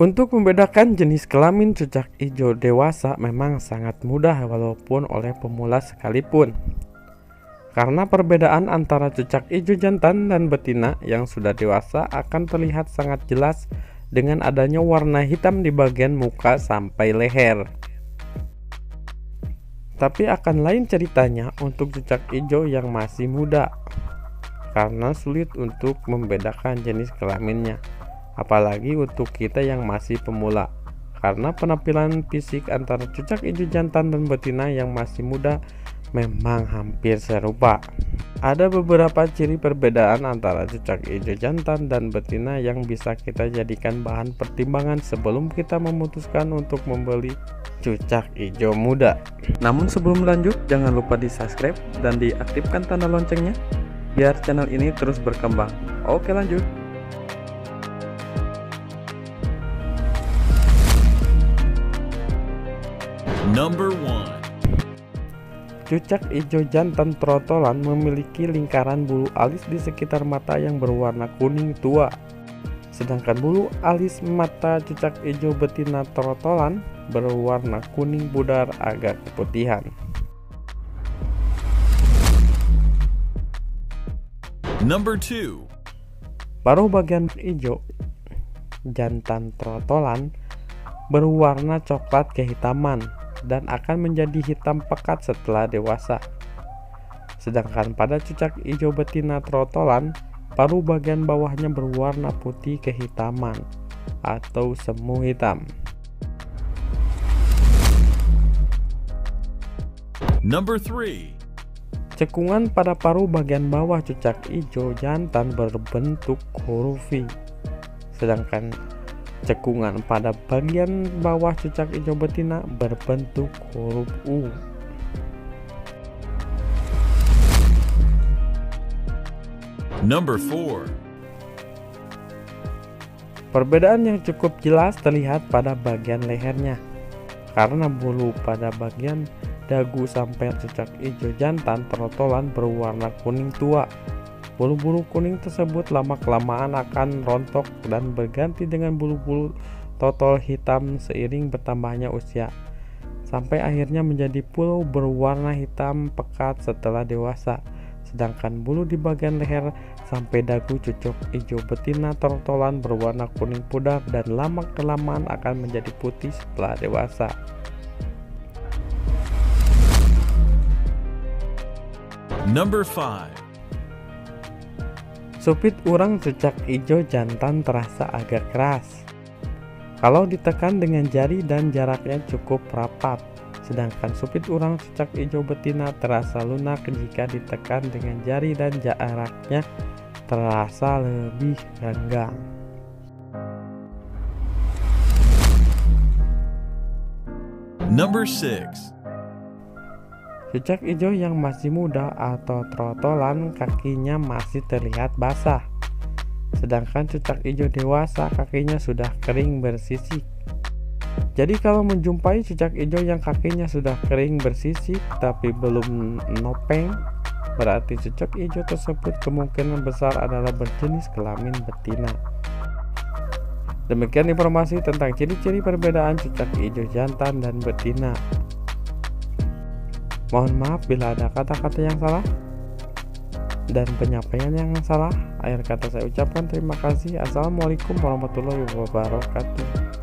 Untuk membedakan jenis kelamin cecak hijau dewasa memang sangat mudah walaupun oleh pemula sekalipun. Karena perbedaan antara cecak hijau jantan dan betina yang sudah dewasa akan terlihat sangat jelas dengan adanya warna hitam di bagian muka sampai leher. Tapi akan lain ceritanya untuk cecak hijau yang masih muda karena sulit untuk membedakan jenis kelaminnya apalagi untuk kita yang masih pemula karena penampilan fisik antara cucak hijau jantan dan betina yang masih muda memang hampir serupa. Ada beberapa ciri perbedaan antara cucak hijau jantan dan betina yang bisa kita jadikan bahan pertimbangan sebelum kita memutuskan untuk membeli cucak hijau muda. Namun sebelum lanjut, jangan lupa di subscribe dan diaktifkan tanda loncengnya biar channel ini terus berkembang. Oke lanjut. Number one. Cucak ijo jantan trotolan memiliki lingkaran bulu alis di sekitar mata yang berwarna kuning tua. Sedangkan bulu alis mata cucak ijo betina trotolan berwarna kuning pudar agak keputihan. Number two. Paruh bagian ijo jantan trotolan berwarna coklat kehitaman dan akan menjadi hitam pekat setelah dewasa. Sedangkan pada cucak hijau betina trotolan, paru bagian bawahnya berwarna putih kehitaman atau semu hitam. Number 3 Cekungan pada paru bagian bawah cucak hijau jantan berbentuk huruf V, sedangkan Cekungan pada bagian bawah cucak hijau betina berbentuk huruf U. Number four. Perbedaan yang cukup jelas terlihat pada bagian lehernya karena bulu pada bagian dagu sampai cucak hijau jantan trotolan berwarna kuning tua Bulu-bulu kuning tersebut lama-kelamaan akan rontok dan berganti dengan bulu-bulu totol hitam seiring bertambahnya usia, sampai akhirnya menjadi pulau berwarna hitam pekat setelah dewasa. Sedangkan bulu di bagian leher sampai dagu cucuk hijau betina tortolan berwarna kuning pudar dan lama-kelamaan akan menjadi putih setelah dewasa. Number five Supit urang cucak ijo jantan terasa agak keras. Kalau ditekan dengan jari dan jaraknya cukup rapat. Sedangkan supit urang cucak ijo betina terasa lunak jika ditekan dengan jari dan jaraknya terasa lebih renggang. Number 6 Cicak hijau yang masih muda atau trotolan kakinya masih terlihat basah. Sedangkan cucak hijau dewasa kakinya sudah kering bersisik. Jadi kalau menjumpai cucak hijau yang kakinya sudah kering bersisik tapi belum nopeng, berarti cucak hijau tersebut kemungkinan besar adalah berjenis kelamin betina. Demikian informasi tentang ciri-ciri perbedaan cucak hijau jantan dan betina. Mohon maaf bila ada kata-kata yang salah dan penyampaian yang salah. Akhir kata saya ucapkan terima kasih. Assalamualaikum warahmatullahi wabarakatuh.